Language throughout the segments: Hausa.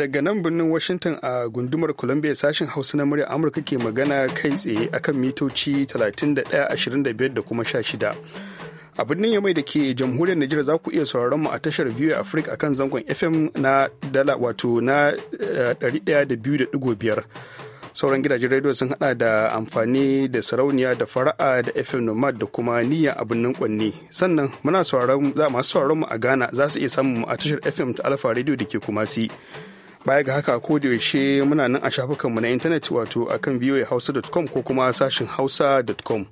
daga nan birnin Washington a gundumar Columbia sashen Hausa na murya Amurka ke magana kai tsaye akan mitoci 31.25 da kuma 16. A birnin Yamai da ke jamhuriyar Nijar za ku iya sauraron mu a tashar Viewer Africa akan zangon FM na dala wato na 102.5. Eh, sauran gidajen rediyo sun hada da amfani da sarauniya da fara'a da fm nomad da kuma niyya a birnin kwanne sannan muna sauraron masu sauraron mu a ghana za su iya samun a tashar fm ta alfa radio da ke kumasi baya ga haka ko da yaushe muna nan a shafukanmu na intanet wato akan Hausa.com ko kuma sashin hausa.com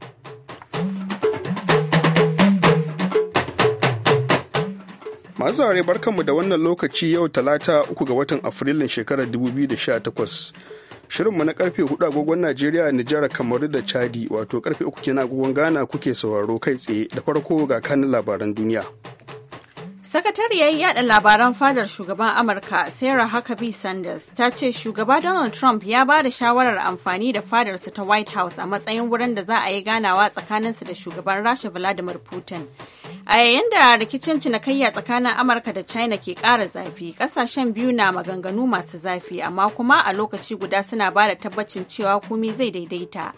masu ware barkanmu da wannan lokaci yau talata uku ga watan afrilun shekarar 2018 shirinmu na karfe 4 agogon najeriya nijar kamaru da chadi wato karfe 3 kenan agogon ghana kuke sauraro kai tsaye da farko ga kanin labaran duniya Sakatariyar yada labaran fadar shugaban Amurka Sarah Huckabee Sanders ta ce shugaba Donald Trump ya ba da shawarar amfani da fadarsa ta White House a matsayin wurin da za a yi ganawa tsakaninsa da shugaban Rasha Vladimir Putin. A yayin da rikicin cinikayya tsakanin Amurka da China ke ƙara zafi, ƙasashen biyu na maganganu masu zafi, amma kuma a lokaci guda suna ba da tabbacin cewa komi zai daidaita.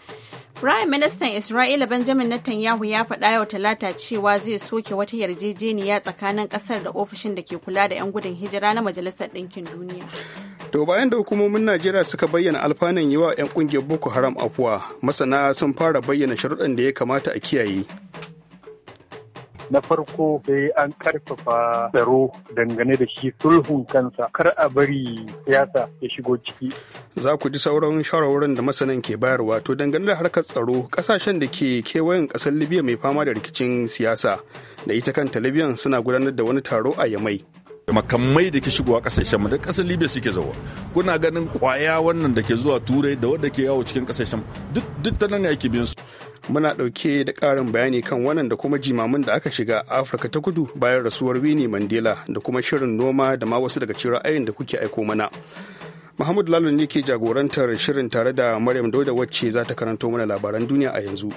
Prime Minister Isra'ila Benjamin Netanyahu ya faɗa yau Talata cewa zai soke wata yarjejeniya tsakanin ƙasar da ofishin da ke kula da 'yan gudun hijira na Majalisar Ɗinkin Duniya. To bayan da hukumomin Najeriya suka bayyana alfanun yiwa 'yan ƙungiyar Boko Haram afuwa, masana sun fara bayyana sharuɗan da ya kamata a kiyaye. na farko sai an karfafa tsaro dangane da shi sulhun kansa kar a bari siyasa ya shigo ciki za ku ji sauran shawarwarin da masanan ke bayarwa to dangane da harkar tsaro kasashen da ke kewayen kasar libya mai fama da rikicin siyasa da ita kanta libyan suna gudanar da wani taro a yamai makamai da ke shigowa kasashen mu da kasar libya suke zawa kuna ganin kwaya wannan da ke zuwa turai da wadda ke yawo cikin kasashen duk duk ta nan yake ake biyan su muna dauke da karin bayani kan wannan da kuma jimamin da aka shiga afirka ta kudu bayan rasuwar wini mandela da kuma shirin noma da ma wasu daga cikin ra'ayin da kuke aiko mana Muhammadu Lalo ne ke jagorantar shirin tare da Maryam Dauda wacce za ta karanto mana labaran duniya a yanzu.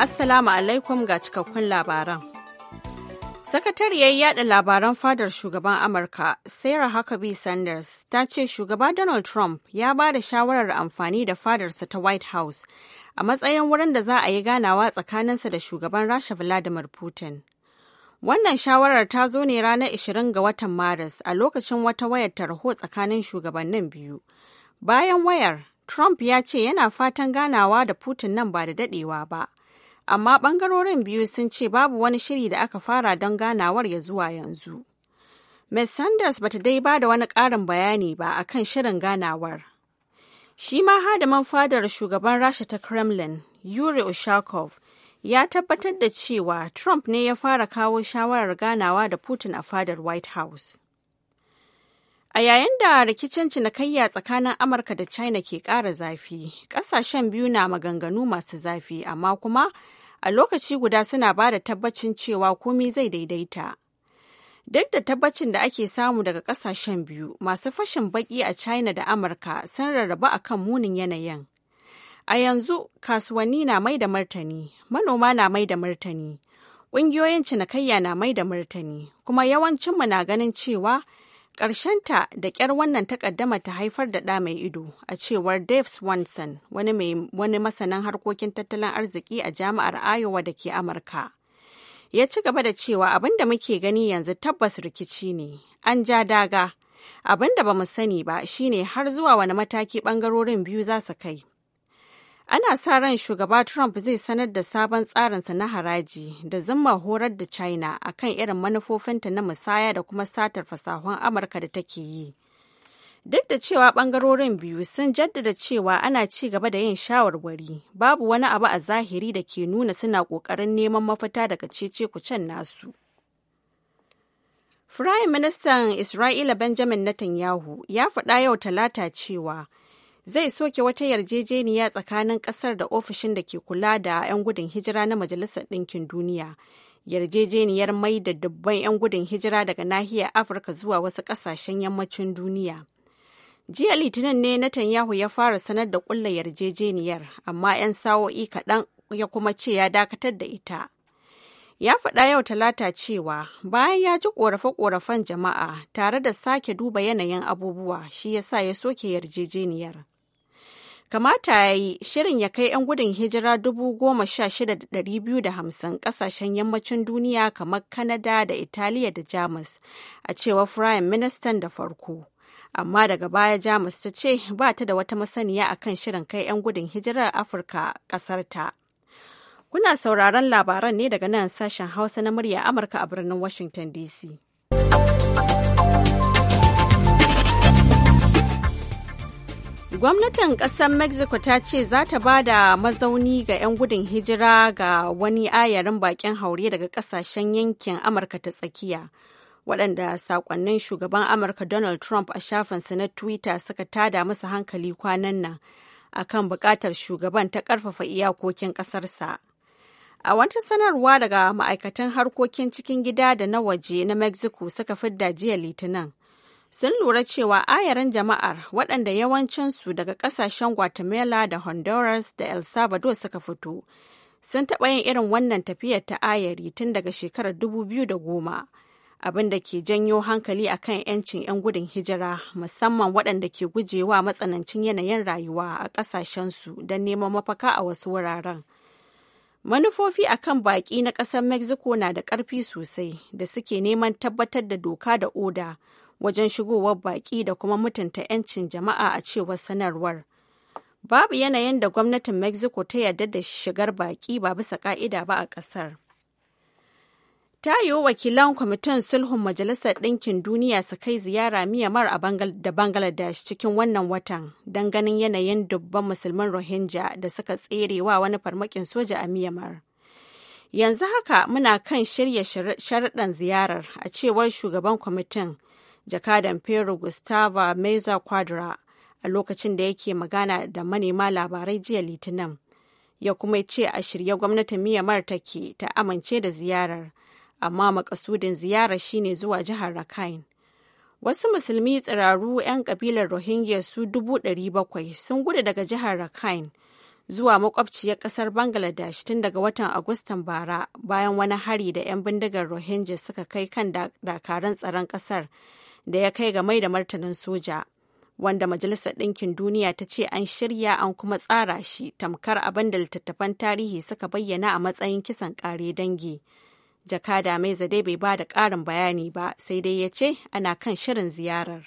assalamu alaikum ga cikakkun labaran. Sakatariyar yada labaran fadar shugaban Amurka, Sarah Huckabee Sanders, ta ce shugaba Donald Trump ya ba da shawarar amfani da fadarsa ta White House a matsayin wurin da za a yi ganawa tsakaninsa da shugaban Rasha Vladimir Putin. Wannan shawarar ta zo ne ranar 20 ga watan Maris a lokacin wata wayar tarho tsakanin shugabannin biyu. Bayan wayar, Trump ya ce yana fatan ganawa da Putin nan ba da dadewa ba, amma bangarorin biyu sun ce babu wani shiri da aka fara don ganawar ya zuwa yanzu. Ms. Sanders bata dai ba da wani ƙarin bayani ba akan shirin ganawar. Shi ma hadaman fadar shugaban Rasha ta Kremlin, Yuri Ushakov, ya tabbatar da cewa Trump ne ya fara kawo shawarar ganawa da Putin a fadar White House. A yayin da rikicin cinikayya tsakanin Amurka da China ke ƙara zafi, ƙasashen biyu na maganganu masu zafi, amma kuma a lokaci guda suna ba da tabbacin cewa komi zai daidaita. Duk da tabbacin da ake samu daga ƙasashen biyu, masu fashin baƙi a China da Amurka sun a kan munin yanayin. A yanzu, kasuwanni na mai da martani, manoma na mai da martani, ƙungiyoyin cinikayya na mai da martani, kuma yawancinmu na ganin cewa ta da ƙyar wannan takaddama ta haifar da ɗa mai ido, a cewar Dave Swanson, wani, wani masanin harkokin tattalin arziki a jami'ar Iowa da ke Amurka. Ya ci gaba da cewa abin da muke gani yanzu tabbas rikici ne, an ja daga. Abin da ba mu sani ba shine har zuwa wani mataki ɓangarorin biyu za su kai. Ana sa ran shugaba Trump zai sanar da sabon tsarinsa na haraji da zama horar da China akan irin manufofinta na musaya da kuma satar fasahun Amurka da take yi. Duk da cewa bangarorin biyu sun jaddada cewa ana ci gaba da yin shawarwari, babu wani abu a zahiri da ke nuna suna ƙoƙarin neman mafita daga cece-kucen nasu. Firayim Ministan Isra'ila Benjamin Netanyahu ya faɗa yau Talata cewa zai soke wata yarjejeniya tsakanin kasar da ofishin da ke kula da 'yan gudun hijira na majalisar ɗinkin duniya yarjejeniyar mai da dubban 'yan gudun hijira daga nahiyar afirka zuwa wasu ƙasashen yammacin duniya jiya litinin ne netanyahu ya fara sanar da ƙulla yarjejeniyar amma 'yan sawo'i kaɗan ya kuma ce ya dakatar da ita ya faɗa yau talata cewa bayan ya ji ƙorafe-ƙorafen jama'a tare da sake duba yanayin abubuwa shi ya sa ya soke yarjejeniyar kamata ya yi shirin ya kai 'yan gudun hijira dubu goma sha shida da hamsin ƙasashen yammacin duniya kamar kanada da italiya da jamus a cewar firayim ministan da farko amma daga baya jamus ta ce ba ta da wata masaniya akan shirin kai 'yan gudun hijirar afirka ƙasarta Kuna sauraron labaran ne daga nan sashen Hausa na murya Amurka a birnin Washington DC. Gwamnatin ƙasar Mexico ta ce za ta ba da mazauni ga 'yan gudun hijira ga wani ayarin bakin haure daga ƙasashen yankin Amurka ta tsakiya. waɗanda sakonnin shugaban amurka donald trump a shafinsa na twitter suka tada masa hankali kwanan nan akan buƙatar shugaban ta ƙarfafa iyakokin ƙasarsa A wata sanarwa daga ma'aikatan harkokin cikin gida da na waje na Mexico suka fidda jiya Litinin. Sun lura cewa ayaran jama'ar waɗanda yawancinsu daga ƙasashen Guatemala da Honduras da El Salvador suka fito. Sun taɓa yin irin wannan tafiyar ta ayari tun daga shekarar 2010, abin da ke janyo hankali a kan 'yancin 'yan gudun hijira musamman waɗanda ke gujewa matsanancin yanayin rayuwa a ƙasashensu don neman mafaka a wasu wuraren. Manufofi a kan baƙi na ƙasar Mexico na da ƙarfi sosai da suke neman tabbatar da doka da oda wajen shigowar baƙi da kuma mutunta 'yancin jama'a a cewar sanarwar. Babu yanayin da gwamnatin Mexico ta yarda da shigar baƙi ba bisa ƙa'ida ba a ƙasar. ta yi wakilan kwamitin sulhun majalisar ɗinkin duniya su kai ziyara miyamar a da bangladesh cikin wannan watan don ganin yanayin dubban musulman rohingya da suka tsere wa wani farmakin soja a miyamar yanzu haka muna kan shirya sharaɗan ziyarar a cewar shugaban kwamitin jakadan peru gustava meza quadra a lokacin da yake magana da manema labarai jiya litinin ya kuma ce a shirye gwamnatin miyamar take ta amince da ziyarar amma makasudin ziyara shine zuwa jihar Rakhine. Wasu musulmi tsiraru 'yan kabilar Rohingya su dubu ɗari bakwai sun gudu daga jihar Rakhine zuwa makwabciyar ƙasar Bangladesh tun daga watan Agustan bara bayan wani hari da 'yan bindigar Rohingya suka kai kan dakarun tsaron kasar da ya kai ga mai da martanin soja. wanda Majalisar Ɗinkin Duniya ta ce an shirya an kuma tsara shi tamkar abin da littattafan tarihi suka bayyana a matsayin kisan ƙare dangi. Jakada mai zade bai ba da ƙarin bayani ba sai dai ya ce ana kan shirin ziyarar.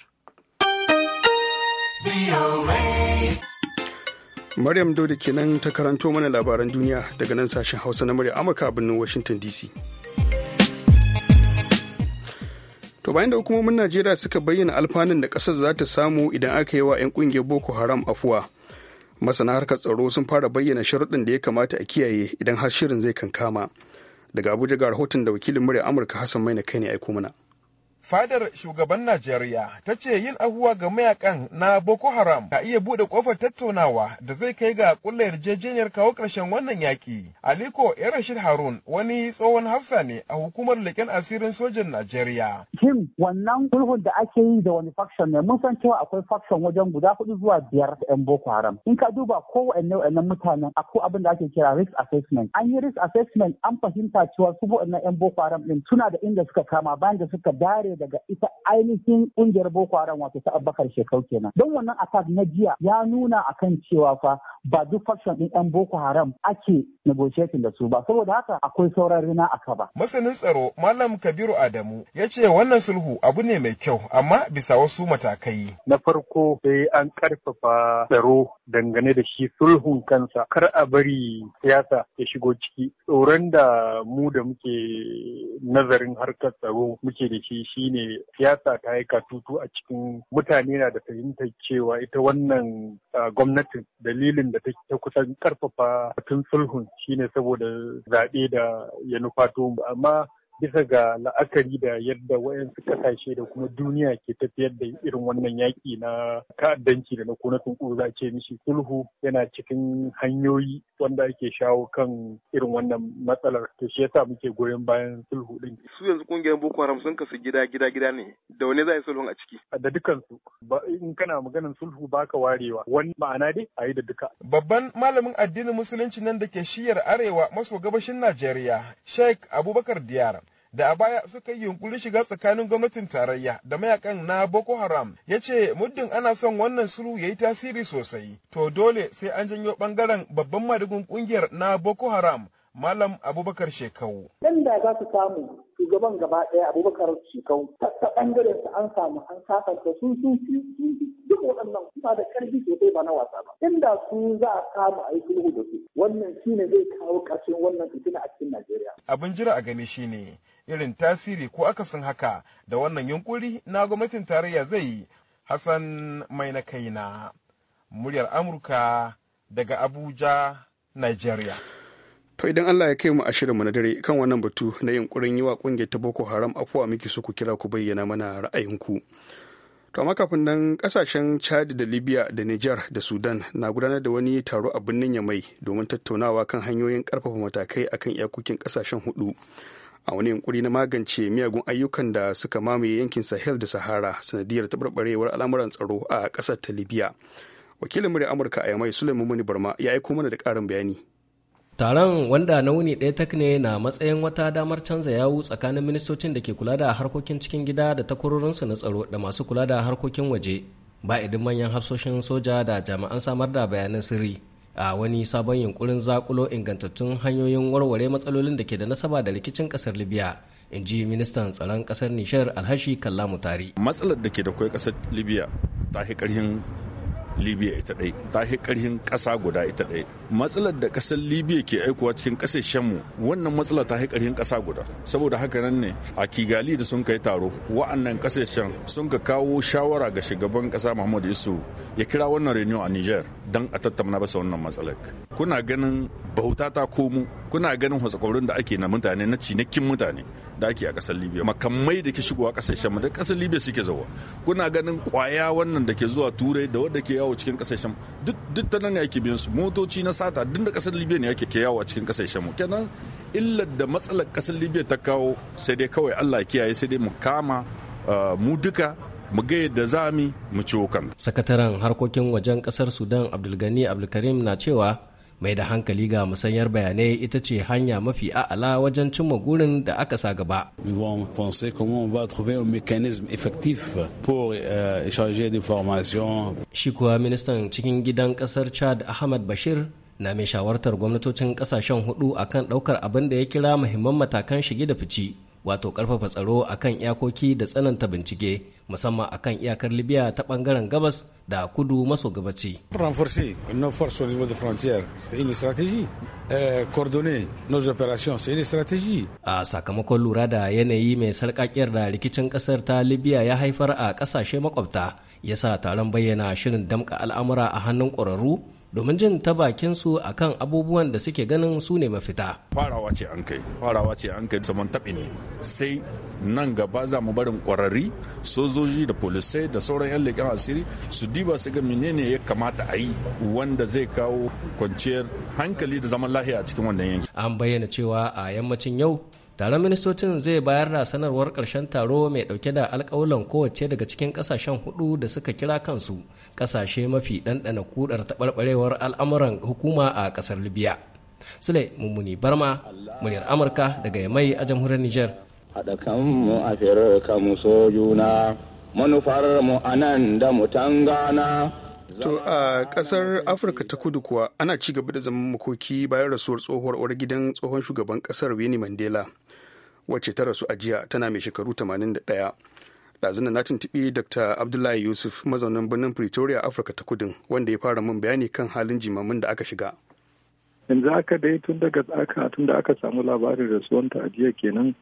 Maryam dodi kenan ta karanto mana labaran duniya daga nan sashen Hausa na murya Amurka birnin Washington DC. To bayan da hukumomin Najeriya suka bayyana alfanun da ƙasar za ta samu idan aka yi wa 'yan ƙungiyar Boko Haram afuwa. Masana harkar tsaro sun fara bayyana sharuɗin da ya kamata a kiyaye idan har shirin zai kankama. daga abuja ga rahoton da wakilin murya amurka hassan mai na kai ne aiko mana fadar shugaban Najeriya ta ce yin ahuwa ga mayakan na Boko Haram ka iya buɗe ƙofar tattaunawa da zai kai ga ƙulla yarjejeniyar kawo ƙarshen wannan yaƙi. Aliko ya Rashid Harun wani tsohon hafsa ne a hukumar leƙen asirin sojan Najeriya. Kim wannan sulhun da ake yi da wani faction ne mun san cewa akwai faction wajen guda hudu zuwa biyar da 'yan Boko Haram. In ka duba kowanne wa'annan mutanen akwai abin da ake kira risk assessment. An yi risk assessment an fahimta cewa su wa'annan 'yan Boko Haram ɗin suna da inda suka kama bayan da suka dare da daga ita ainihin kungiyar Boko Haram wato ta Abubakar Shekau kenan. Don wannan attack na jiya ya nuna akan cewa fa ba duk faction ɗin 'yan Boko Haram ake negotiating da su ba saboda haka akwai sauran rina a kaba. Masanin tsaro Malam Kabiru Adamu ya ce wannan sulhu abu ne mai kyau amma bisa wasu matakai. Na farko sai an karfafa tsaro dangane da shi sulhun kansa kar a bari siyasa ya shigo ciki tsoron da mu da muke nazarin harkar tsaro muke da shi shi shine siyasa ta yi katutu a cikin mutane na da fahimtar cewa ita wannan gwamnatin dalilin da ta kusan karfafa tun sulhun shine saboda zaɓe da ya nufato amma bisa ga la'akari da yadda wayansu kasashe da kuma duniya ke tafiyar da irin wannan yaƙi na Ka'addanci da na kona tunkuru za a ce mishi sulhu yana cikin hanyoyi wanda ake shawo kan irin wannan matsalar to shi yasa muke goyon bayan sulhu din su yanzu kungiyar boko haram sun kasu gida gida gida ne da wani za a yi sulhun a ciki da dukan su in kana maganar sulhu baka warewa wani ma'ana dai a yi da duka babban malamin addinin musulunci nan da ke shiyar arewa maso gabashin Najeriya Sheikh Abubakar Diyar da a baya suka yi yunkuri shiga tsakanin gwamnatin tarayya da mayakan na Boko Haram ya ce muddin ana son wannan sulhu ya yi tasiri sosai to dole sai an janyo bangaren babban madigun kungiyar na Boko Haram Malam Abubakar Shekau. Dan da za su samu shugaban gaba ɗaya Abubakar Shekau ta bangaren su an samu an sasanta sun sun duk waɗannan kuma da ƙarfi sosai ba na wasa ba. Inda su za a samu a yi sulhu da su wannan shine zai kawo ƙarshen wannan fitina a cikin Najeriya. Abin jira a gani shine irin tasiri ko akasin haka da wannan yunkuri na gwamnatin tarayya zai yi hassan mai na kai na muryar amurka daga abuja nigeria to idan allah ya kai mu mu na dare kan wannan batu na yunkurin yi wa kungiyar ta boko haram afuwa muke so ku kira ku bayyana mana ra'ayinku to amma kafin nan kasashen chad da libya da niger da sudan na gudanar da wani taro a birnin yamai domin tattaunawa kan hanyoyin karfafa matakai akan iyakokin kasashen hudu a wani yankuri na magance miyagun ayyukan da suka mamaye yankin sahel da sahara sanadiyar taɓarɓarewar al'amuran tsaro a ƙasar ta libya wakilin murya amurka a yamai suleiman muni barma ya aiko mana da ƙarin bayani taron wanda na wuni ɗaya tak ne na matsayin wata damar canza yawu tsakanin ministocin da ke kula da harkokin cikin gida da takwarorinsu na tsaro da masu kula da harkokin waje ba idin manyan hafsoshin soja da jami'an samar da bayanan sirri a wani sabon yunkurin zakulo ingantattun hanyoyin warware matsalolin da ke da nasaba da rikicin kasar libya in ji ministan tsaron kasar nishar alhashi kallamu tari matsalar da ke da kwai kasar libya ta fi libya ita ɗai ta fi ƙarfin ƙasa guda ita ɗai matsalar da ƙasar libya ke aikowa cikin ƙasashenmu wannan matsala ta fi ƙarfin ƙasa guda saboda haka nan ne a kigali da sun kai taro wa'annan ƙasashen sun ka kawo shawara ga shugaban ƙasa muhammadu yusuf ya kira wannan reunion a niger don a tattauna basa wannan matsalar kuna ganin bauta ta komo kuna ganin hatsakwarin da ake na mutane na cinikin mutane da ake a kasar libya makamai da ke shigowa kasashen mu da kasar libya suke zawa kuna ganin kwaya wannan da ke zuwa turai da wadda ke yawo cikin kasashen duk duk ta nan ake biyan su motoci na sata duk da kasar libya ne yake ke yawo a cikin kasashen mu kenan illar da matsalar kasar libya ta kawo sai dai kawai allah kiyaye sai dai mu kama uh, mu duka mu ga yadda za mu ciwo kan. Sakataren harkokin wajen kasar Sudan Abdulgani Abdulkarim na cewa mai da hankali ga musanyar bayanai ita ce hanya mafi a'ala wajen cimma gurin da aka sa gaba. Euh, Shi kuwa ministan cikin gidan kasar Chad Ahmad Bashir na mai shawartar gwamnatocin kasashen hudu akan daukar abin da ya kira muhimman matakan shige da fici wato karfafa tsaro akan iyakoki da tsananta bincike musamman a kan iyakar libya ta bangaren gabas da kudu maso gabaci. renforcer nos forces au niveau de c'est une stratégie euh, coordonner nos opérations c'est une stratégie a sakamakon lura da yanayi mai sarkakiyar da rikicin ƙasar ta libya ya haifar a kasashe makwabta ya sa taron bayyana shirin damƙa al'amura a hannun ƙwararru domin jin ta bakin su akan abubuwan da suke ganin su ne mafita. Farawa ce an kai, farawa ce an kai saman taɓi ne. Sai nan gaba za mu barin ƙwararri, sojoji da polisai da sauran 'yan leƙen asiri su diba su ga menene ya kamata a yi wanda zai kawo kwanciyar hankali da zaman lahiya a cikin wannan yanki. An bayyana cewa a yammacin yau taron ministocin zai bayar da sanarwar karshen taro mai dauke da alkawalan kowace daga cikin kasashen hudu da suka kira kansu kasashe mafi dandana kudar taɓarɓarewar al'amuran hukuma a ƙasar libya sule mummuni barma muryar amurka daga yamai a jamhuriyar niger haɗa kanmu a kanmu so juna manufar mu anan da mu tangana To a kasar Afirka ta kudu kuwa ana ci gaba da zaman makoki bayan rasuwar tsohuwar uwar gidan tsohon shugaban kasar Winnie Mandela. wacce ta rasu a jiya tana mai shekaru 81 ɗazunan na tuntuɓi dr abdullahi yusuf mazaunin birnin pretoria afirka ta kudin wanda ya fara min bayani kan halin jimamin da aka shiga yanzu aka dai tun daga aka tun da aka samu labarin rasuwanta a jiya kenan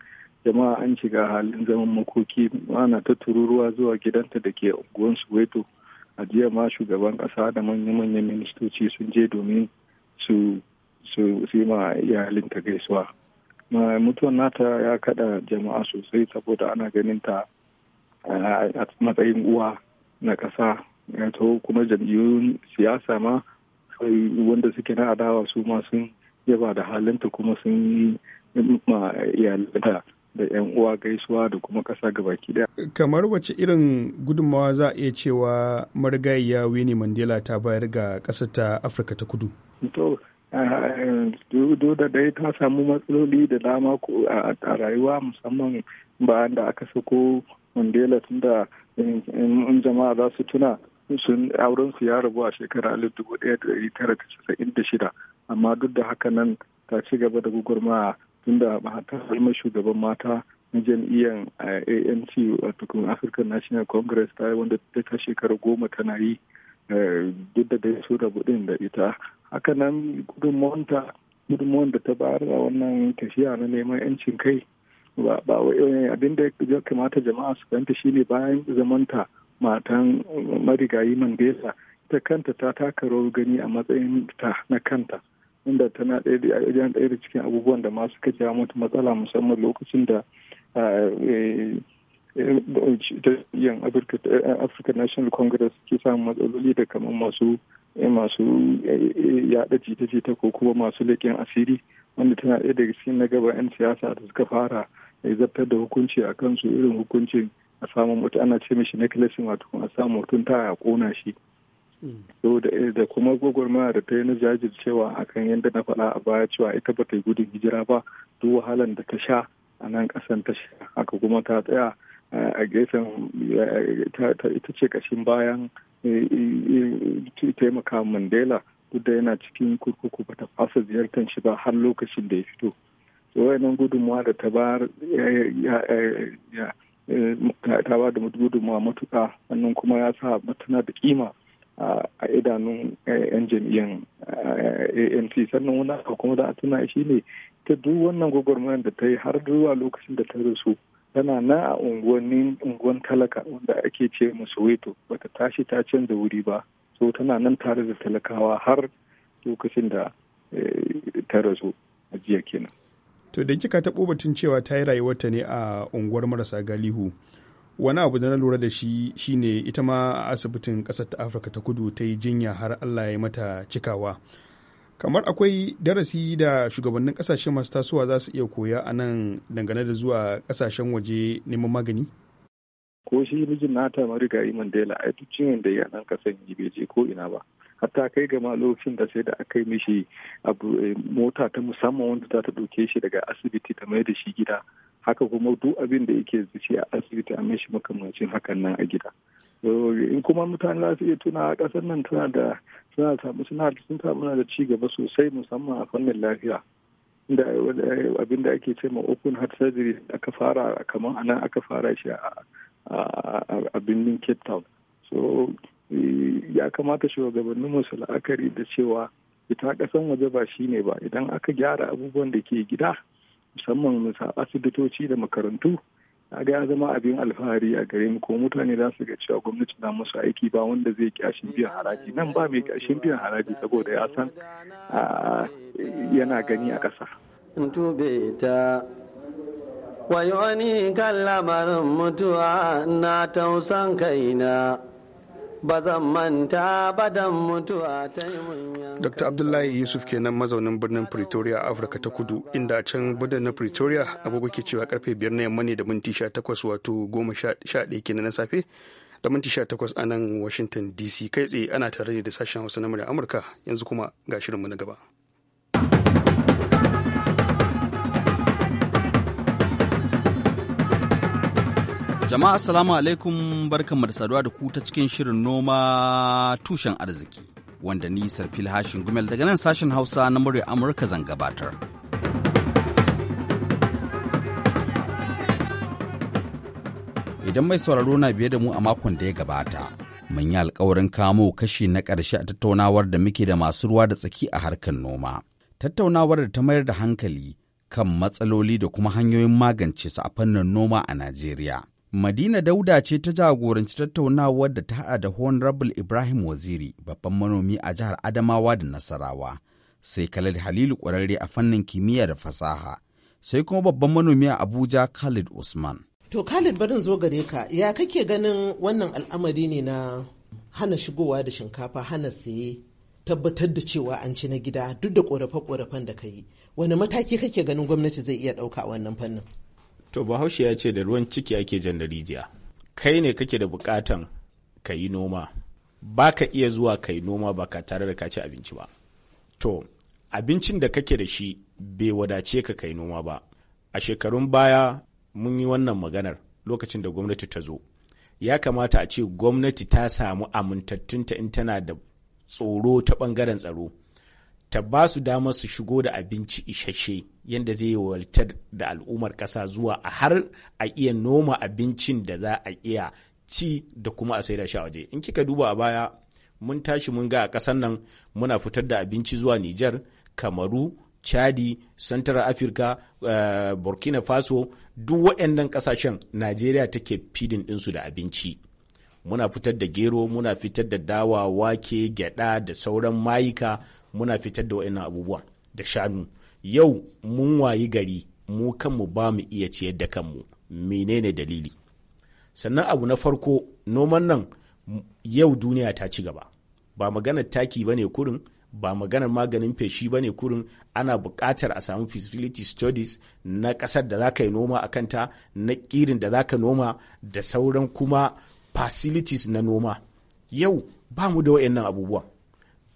jama'a an shiga halin zaman makoki mana ta tururuwa zuwa gidanta da ke unguwan soweto a jiya ma shugaban kasa da manya-manyan ministoci sun je domin su su yi ma iyalinta gaisuwa mutuwan nata ya kada jama'a sosai saboda ana ganin ta eh, a matsayin uwa na ƙasa to kuma jam'iyyun siyasa ma wanda suke na adawa su ma sun yaba da halinta kuma sun yi mm, ma iyalanta da 'yan uwa gaisuwa da kuma ƙasa gabaki daya. kamar wace irin gudunmawa za a iya cewa marigayiya winnie mandela ta bayar ga ƙasar ta afirka ta kudu duk da dai ta samu matsaloli da dama a rayuwa musamman bayan da aka sako mandela tun da in jama'a za su tuna sun auren su ya rabu a shekara alif dubu daya da tara da casa'in da shida amma duk da haka nan ta ci gaba da gugurma tun da ta zama shugaban mata na jam'iyyar eh, anc wato kuma african national congress ta yi wanda ta shekara goma tana yi eh, duk da dai su rabu ɗin da ita haka nan gudunmuwan da ta bayar a wannan tafiya na neman yancin kai ba eh, abin da ya kamata jama'a su fahimta shine bayan zamanta matan marigayi mandesa ta kanta ta taka rawar gani a matsayin ta na kanta inda tana ɗaya da cikin abubuwan da ma suka ja mata matsala musamman lokacin da eh, eh, yan afirka national congress ke samun matsaloli da kamar masu Eh, masu eh, eh, yaɗa jita-jita ko kuma masu leƙen asiri wanda tana ɗaya daga cikin na gaba 'yan siyasa da suka fara zartar da hukunci a kansu irin hukuncin a samun mutu ana ce mishi na wato a samun mutum ta a kona shi mm. da kuma gwagwarmaya da ta yi na jajircewa akan yadda na faɗa a baya cewa ita ba ta yi gudun hijira ba duk wahalan da ta sha a nan ƙasan ta sha haka kuma ta tsaya a gefen ita ce kashin bayan e, e, e, taimaka mandela duk da yana cikin kurkuku bata fasa ziyartar shi ba har lokacin da ya fito wayannan gudunmuwa da ta bayar ta ba da gudunmuwa matuƙa wannan kuma ya sa matuna da kima a idanun 'yan jam'iyyar anc sannan wani abu kuma da a tuna shi ne ta duk wannan gwagwarmayar da ta yi har zuwa lokacin da ta rasu tana nan a unguwannin unguwan talaka wanda ake ce musu weto bata tashi ta canza wuri ba so tana nan tare da talakawa har lokacin da eh, ta rasu a jiya kenan to da kika taɓo batun cewa ta yi rayuwarta ne a unguwar marasa galihu wani abu da na lura da shi shine ita ma a asibitin ƙasar ta afirka ta kudu ta yi jinya har allah ya mata cikawa kamar akwai darasi da shugabannin kasashe masu tasowa za su iya koya a nan dangane da zuwa kasashen waje neman magani ko shi mijin nata marigayi mandela ai duk cin da ya nan kasan yi bai je ko ina ba hatta kai gama lokacin da sai da aka yi mishi abu eh, mota ta musamman wanda za ta doke shi daga asibiti ta mai da shi gida haka kuma duk abin da yake zuci a asibiti a mishi makamancin hakan nan a gida Eh, in kuma mutane za su iya tuna kasar nan tana da suna samu suna sun samu da ci gaba sosai musamman a fannin lafiya inda eh, abin da ake ce ma open heart surgery aka fara kamar anan aka fara shi a birnin cape town so eh, ya kamata shugabannin musu la'akari da cewa ita kasan waje ba shi ne ba idan aka gyara abubuwan da ke gida musamman asibitoci da makarantu ga ya zama abin alfahari a gare mu ko mutane za su ga cewa gwamnati na musu aiki ba wanda zai kyashin biyan haraji nan ba mai kyashin biyan haraji saboda ya san yana gani a ƙasa. wayo ni kan labarin mutuwa na tausan kaina. ba zan manta ba dan mutuwa ta yi Dr. Abdullahi Yusuf kenan mazaunin birnin Pretoria Afirka ta kudu inda a can birnin na Pretoria agogo ke cewa karfe biyar na yamma ne da minti takwas wato goma sha ɗaya ke na safe da minti takwas a nan Washington DC kai tsaye ana tare da sashen Hausa na Amurka yanzu kuma ga shirinmu na gaba. Jama'a assalamu alaikum barkanmu da saduwa da ku ta cikin shirin noma tushen arziki wanda ni Sarfil Hashin Gumel daga nan sashen Hausa na murya Amurka zan gabatar. Idan mai sauraro na biye da mu a makon da ya gabata, mun yi alkawarin kamo kashi na ƙarshe a tattaunawar da muke da masu ruwa da tsaki a harkar noma. Tattaunawar da ta mayar da hankali kan matsaloli da kuma hanyoyin magance su a fannin noma a Najeriya. Madina Dauda ce ta jagoranci tattaunawar da ta haɗa da Honorable Ibrahim Waziri, babban manomi a jihar Adamawa da Nasarawa, sai Khalid Halilu ƙwararre a fannin kimiyya da fasaha, sai kuma babban manomi a Abuja Khalid Usman. To Khalid barin zo gare ka, ya kake ganin wannan al'amari ne na hana shigowa da shinkafa, hana saye, tabbatar da cewa an ci na gida duk da ƙorafe-ƙorafen da ka yi. Wani mataki kake ganin gwamnati zai iya ɗauka a wannan fannin? to bahaushe ya ce da ruwan ciki ake jan da rijiya kai ne kake da bukatan ka yi noma ba ka iya zuwa ka yi noma ba ka tare da ka ci abinci ba to abincin da kake da shi bai wadace ka kai noma ba a shekarun baya mun yi wannan maganar lokacin da gwamnati ta zo ya kamata a ce gwamnati ta samu amintattunta in tana da tsoro ta ɓangaren tsaro ta ba su damar su shigo da abinci isasshe yadda zai waltar da al'ummar ƙasa zuwa a har a iya noma abincin da za a iya ci da kuma a saida shi a waje in kika duba a baya mun tashi mun ga a ƙasar nan muna fitar da abinci zuwa Nijar, Kamaru, Chadi, Central Africa, uh, Burkina Faso duk waɗannan ƙasashen Najeriya take fidin ɗinsu da abinci. Muna fitar da gero, muna fitar da dawa, wake, gyaɗa da sauran mayika. muna fitar da wa'annan abubuwan da shanu yau mun wayi gari mu kanmu ba mu iya ciyar da kanmu menene dalili sannan abu na farko noman nan yau duniya ta ci gaba ba maganar taki ba ne kurin ba maganar maganin feshi ba ne kurin ana buƙatar a samu feasibility studies na ƙasar da za ka yi noma a kanta na ƙirin da za ka noma da sauran kuma facilities na noma yau ba mu da wayannan abubuwan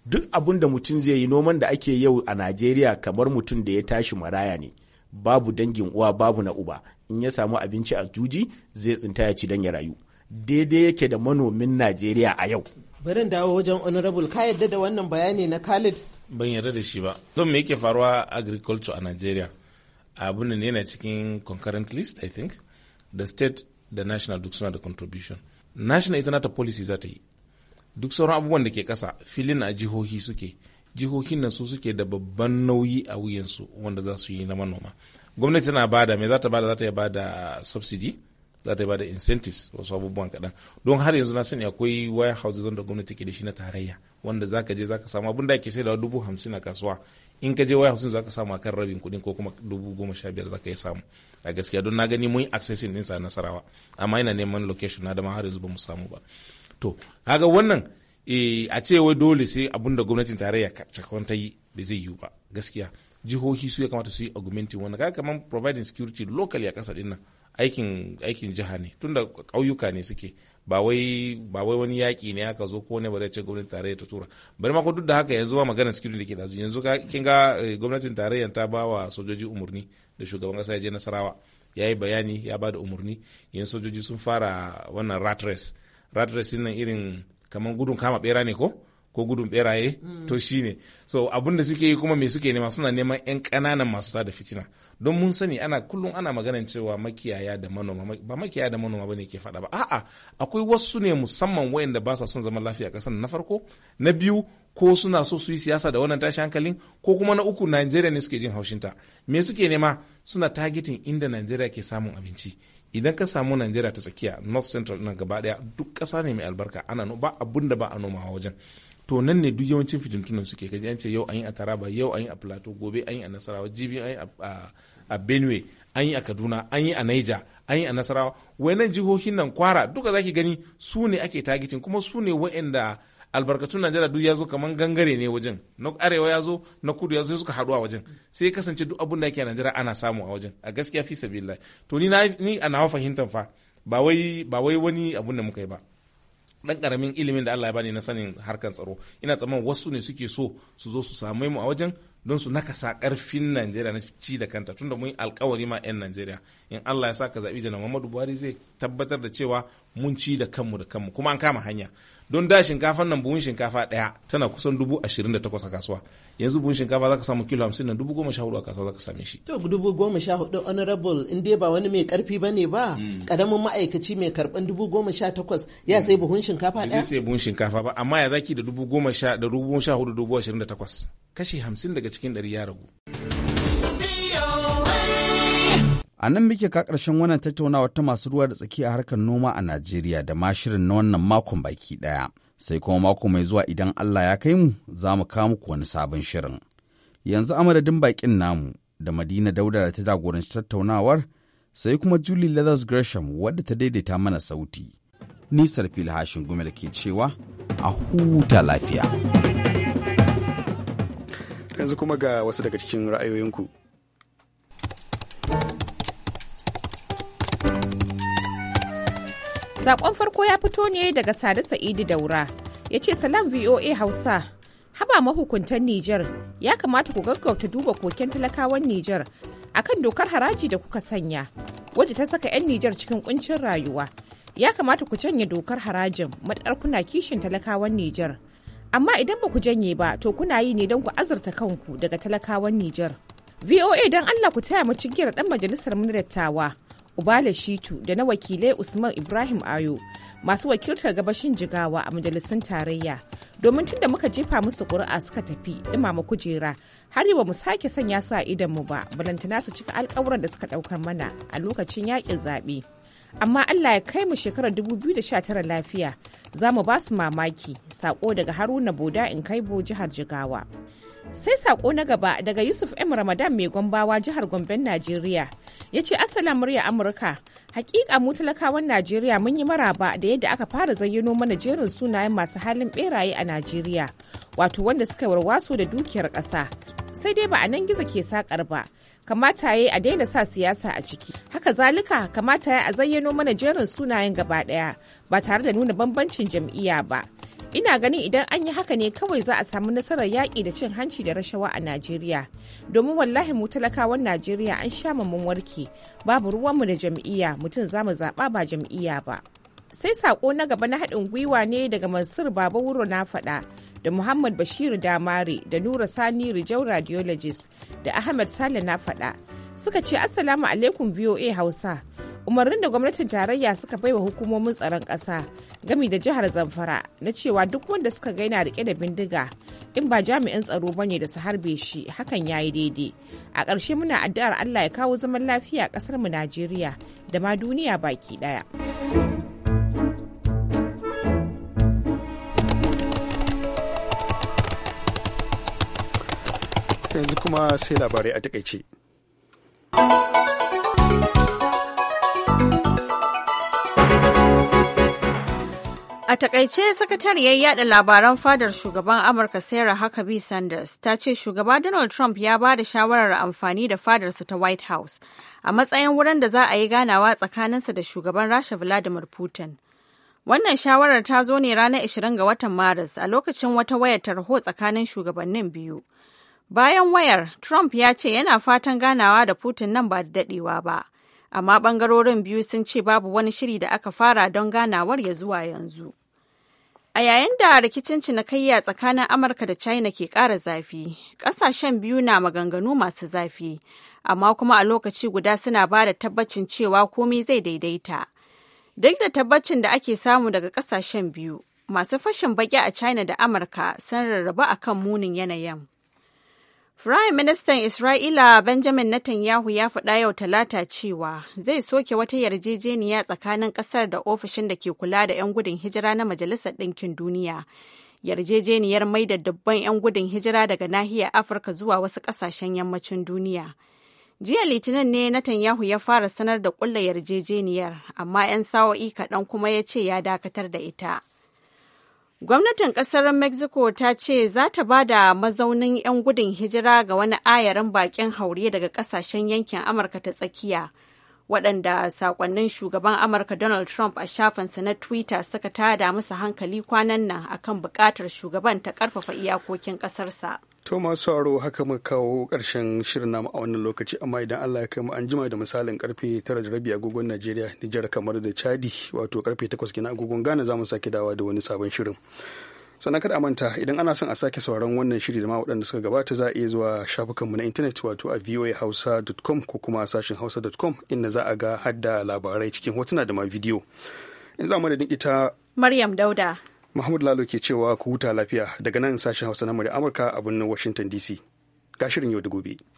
duk abin da mutum zai yi noman da ake yau a najeriya kamar mutum da ya tashi maraya ne babu dangin uwa babu na uba in ya samu abinci a juji zai tsinta ya ci dan ya rayu daidai yake da manomin najeriya a yau barin dawo wajen honorable ka yadda da wannan bayani na khalid ban yarda da shi ba don me yake faruwa agriculture a nigeria abin ne yana cikin concurrent list i think the state da national duk suna da contribution national ita nata policy za ta yi duk sauran abubuwan da ke kasa filin a jihohi suke jihohin nan su suke da babban nauyi a wuyansu wanda za su yi na manoma gwamnati tana bada me za ta bada za ta yi bada subsidy za ta yi bada incentives wasu abubuwan kaɗan don har yanzu na sani akwai wire houses wanda gwamnati ke da shi na tarayya wanda za ka je za ka samu abin da ake saidawa dubu hamsin a kasuwa in ka je wire houses za ka samu akan rabin kuɗin ko kuma dubu goma sha biyar za ka iya samu a gaskiya don na gani mun yi accessing ɗinsa nasarawa amma ina neman location na da ma har yanzu ba mu samu ba to kaga wannan eh, a ce wai dole sai abin da gwamnatin tarayya cakon ta yi bai zai yiwu ba gaskiya jihohi su ya kamata su yi augmenting wannan kaga kamar providing security local a kasa din nan aikin aikin jiha ne tunda ƙauyuka ne suke ba wai ba wai wani yaƙi ne aka zo ko ne ba zai ce gwamnatin tarayya ta tura bari ma ko duk da haka yanzu ma maganar security da ke dazu yanzu kin ga eh, gwamnatin tarayya ta ba wa sojoji umarni da shugaban kasa ya je nasarawa ya yi bayani ya ba da umarni yanzu sojoji sun fara wannan rat race rat race nan irin kamar gudun kama bera ne ko ko gudun beraye to mm. shine so abun da suke yi kuma me suke nema suna neman yan kananan masu tada fitina don mun sani ana kullum ana maganan cewa makiyaya da manoma ba makiyaya da manoma bane ke fada ba a'a akwai wasu ne musamman wayanda ba sa son zaman lafiya kasan na farko na biyu ko suna so su yi siyasa da wannan tashi hankalin ko kuma na uku Najeriya ne suke jin haushinta me suke nema suna targeting inda Najeriya ke samun abinci idan ka samu najeriya ta tsakiya north central na gaba daya duk kasa ne mai albarka ana ba abun da ba a noma wajen to nan ne duk yawancin fitintunan suke kaji an ce yau an yi a taraba yau an yi a plateau gobe an yi a nasarawa jibi an yi a benue an yi a kaduna an yi a naija an yi a nasarawa wai nan jihohin nan kwara duka zaki gani su ne ake tagitin kuma su ne wa'anda albarkatun najeriya duk ya zo kamar gangare ne wajen na arewa ya zo na kudu ya zo suka haɗu a wajen sai kasance duk abun da yake a najeriya ana samu a wajen a gaskiya fi sabilillah to ni ni a nawa fahimtar fa ba wai wani abun da muka yi ba dan karamin ilimin da Allah ya bani na sanin harkan tsaro ina tsammanin wasu ne suke so su zo su same mu a wajen don su nakasa karfin najeriya na ci da kanta tunda mun alkawari ma 'yan najeriya in allah ya sa ka zaɓi janar muhammadu buhari zai tabbatar da cewa mun ci da kanmu da kanmu kuma an kama hanya don da shinkafan nan buhun shinkafa ɗaya tana kusan dubu ashirin da takwas a kasuwa yanzu buhun shinkafa zaka samu kilo hamsin nan dubu goma sha hudu a kasuwa zaka same shi. to dubu goma sha hudu honorable in dai ba wani mai karfi ba ne ba karamin hmm. ma'aikaci mai karban dubu goma sha takwas ya sai buhun shinkafa ɗaya. ya sai buhun shinkafa ba amma ya zaki da dubu goma sha da dubu sha hudu dubu ashirin da takwas. kashi hamsin daga cikin ɗari ya ragu. A nan muke ka ƙarshen wannan tattaunawar ta masu ruwa da tsaki a harkar noma a Najeriya da ma shirin na wannan makon baki ɗaya. Sai kuma mako mai zuwa idan Allah ya kai mu za mu kawo muku wani sabon shirin. Yanzu amadadin bakin namu da Madina Dauda da ta jagoranci tattaunawar sai kuma Julie Leathers Gresham wadda ta daidaita mana sauti. Nisar filhashin gumel ke cewa a huta lafiya. yanzu kuma ga wasu daga cikin ra'ayoyinku saƙon farko ya fito ne daga Sadi Sa'idu Daura. Ya ce salam VOA Hausa. Haba mahukuntan Nijar ya kamata ku gaggauta duba koken talakawan Nijar akan dokar haraji da kuka sanya wadda ta saka 'yan Nijar cikin kuncin rayuwa. Ya kamata ku canya dokar harajin matakar kuna kishin talakawan Nijar. amma idan ba ku janye ba to kuna yi ne don ku azurta kanku daga talakawan Nijar. VOA don Allah ku taya mu cigiyar dan majalisar mu dattawa Ubala Shitu da na wakilai Usman Ibrahim Ayo masu wakiltar gabashin jigawa a majalisun tarayya domin tun da muka jefa musu ƙuri'a suka tafi ɗumama kujera har ba mu sake sanya sa idan mu ba balantana su cika alƙawuran da suka ɗaukar mana a lokacin yaƙin zaɓe. amma Allah ya kai mu shekarar 2019 lafiya za mu ba su mamaki sako daga haruna boda in kai bo jihar jigawa sai sako na gaba daga yusuf m ramadan mai gombawa jihar gomben najeriya ya ce Asala murya amurka hakika mu talakawan najeriya mun yi maraba da yadda aka fara zayyano mana jerin sunayen masu halin beraye a najeriya wato wanda suka warwaso da dukiyar ƙasa sai dai ba a nan gizo ke sakar ba kamata ya yi a daina sa siyasa a ciki haka zalika kamata ya a zayyano mana jerin sunayen gaba daya ba tare da nuna bambancin jam'iyya ba ina ganin idan an yi haka ne kawai za a samu nasarar yaƙi da cin hanci da rashawa a najeriya domin wallahi mu talakawan najeriya an sha mun warke babu ruwanmu da jam'iyya mutum za mu zaɓa ba jam'iyya ba sai saƙo na gaba na haɗin gwiwa ne daga mansur baba wuro na faɗa da Muhammad bashiru Damare da Nura Sani Rijau Radiologist da Ahmed Sale na faɗa suka ce Assalamu alaikum VOA Hausa. Umarnin da gwamnatin tarayya suka baiwa hukumomin tsaron ƙasa gami da jihar Zamfara na cewa duk wanda suka gaina rike da bindiga in ba jami'in tsaro bane da su harbe shi hakan ya yi daidai. A ƙarshe muna addu'ar Allah ya kawo zaman lafiya a ƙasar mu Najeriya da ma duniya baki ɗaya. yanzu kuma sai labarai a takaice. A takaice sakatariyar yada labaran fadar shugaban Amurka Sarah Huckabee Sanders ta ce shugaba Donald Trump ya ba da shawarar amfani da fadarsa ta White House a matsayin wurin da za a yi ganawa tsakaninsa da shugaban Rasha Vladimir Putin. Wannan shawarar ta zo ne ranar 20 ga watan Maris a lokacin wata wayar tarho tsakanin shugabannin biyu. Bayan wayar, Trump ya ce yana fatan ganawa da Putin nan ba da daɗewa ba, amma bangarorin biyu sun ce babu wani shiri da aka fara don ganawar ya zuwa yanzu. A yayin da rikicin cinikayya tsakanin Amurka da China ke ƙara zafi, ƙasashen biyu na maganganu masu zafi, amma kuma a lokaci guda suna ba da tabbacin cewa komai zai daidaita. Duk da tabbacin da ake samu daga ƙasashen biyu, masu fashin baƙi a China da Amurka sun rarraba akan munin yanayin. Firayim Ministan Isra'ila Benjamin Netanyahu ya faɗa yau talata cewa zai soke wata yarjejeniya tsakanin ƙasar da ofishin da ke kula da 'yan gudun hijira na Majalisar Ɗinkin Duniya. Yarjejeniyar mai da 'yan gudun hijira daga nahiyar Afirka zuwa wasu ƙasashen yammacin duniya. Jiya Litinin ne Netanyahu ya fara sanar da ƙulla yarjejeniyar, amma 'yan sawa'i kaɗan kuma ya ce ya dakatar da ita. Gwamnatin ƙasar Mexico ta ce za ta ba da mazaunin 'yan gudun hijira ga wani ayarin bakin haure daga ƙasashen yankin Amurka ta tsakiya, waɗanda saƙonnin shugaban Amurka Donald Trump a shafinsa na Twitter suka tada musu hankali kwanan nan akan buƙatar shugaban ta ƙarfafa iyakokin ƙasarsa. To masu haka muka kawo ƙarshen shirin namu a wannan lokaci amma idan Allah ya kaimu an jima da misalin karfe tara da rabi agogon Najeriya, Nijar kamar da Chadi wato karfe takwas kenan agogon Ghana zamu mu sake dawa da wani sabon shirin. Sannan kada manta idan ana son a sake sauraron wannan shiri da ma waɗanda suka gabata za a iya zuwa shafukanmu na intanet wato a voahausa.com ko kuma sashin hausa.com inda za a ga hadda labarai cikin hotuna da ma bidiyo. In za mu da ita Maryam Dauda Mahmud Lalo ke cewa ku huta lafiya daga nan sashen Hausa na Amurka a birnin Washington DC. Ga shirin yau da gobe.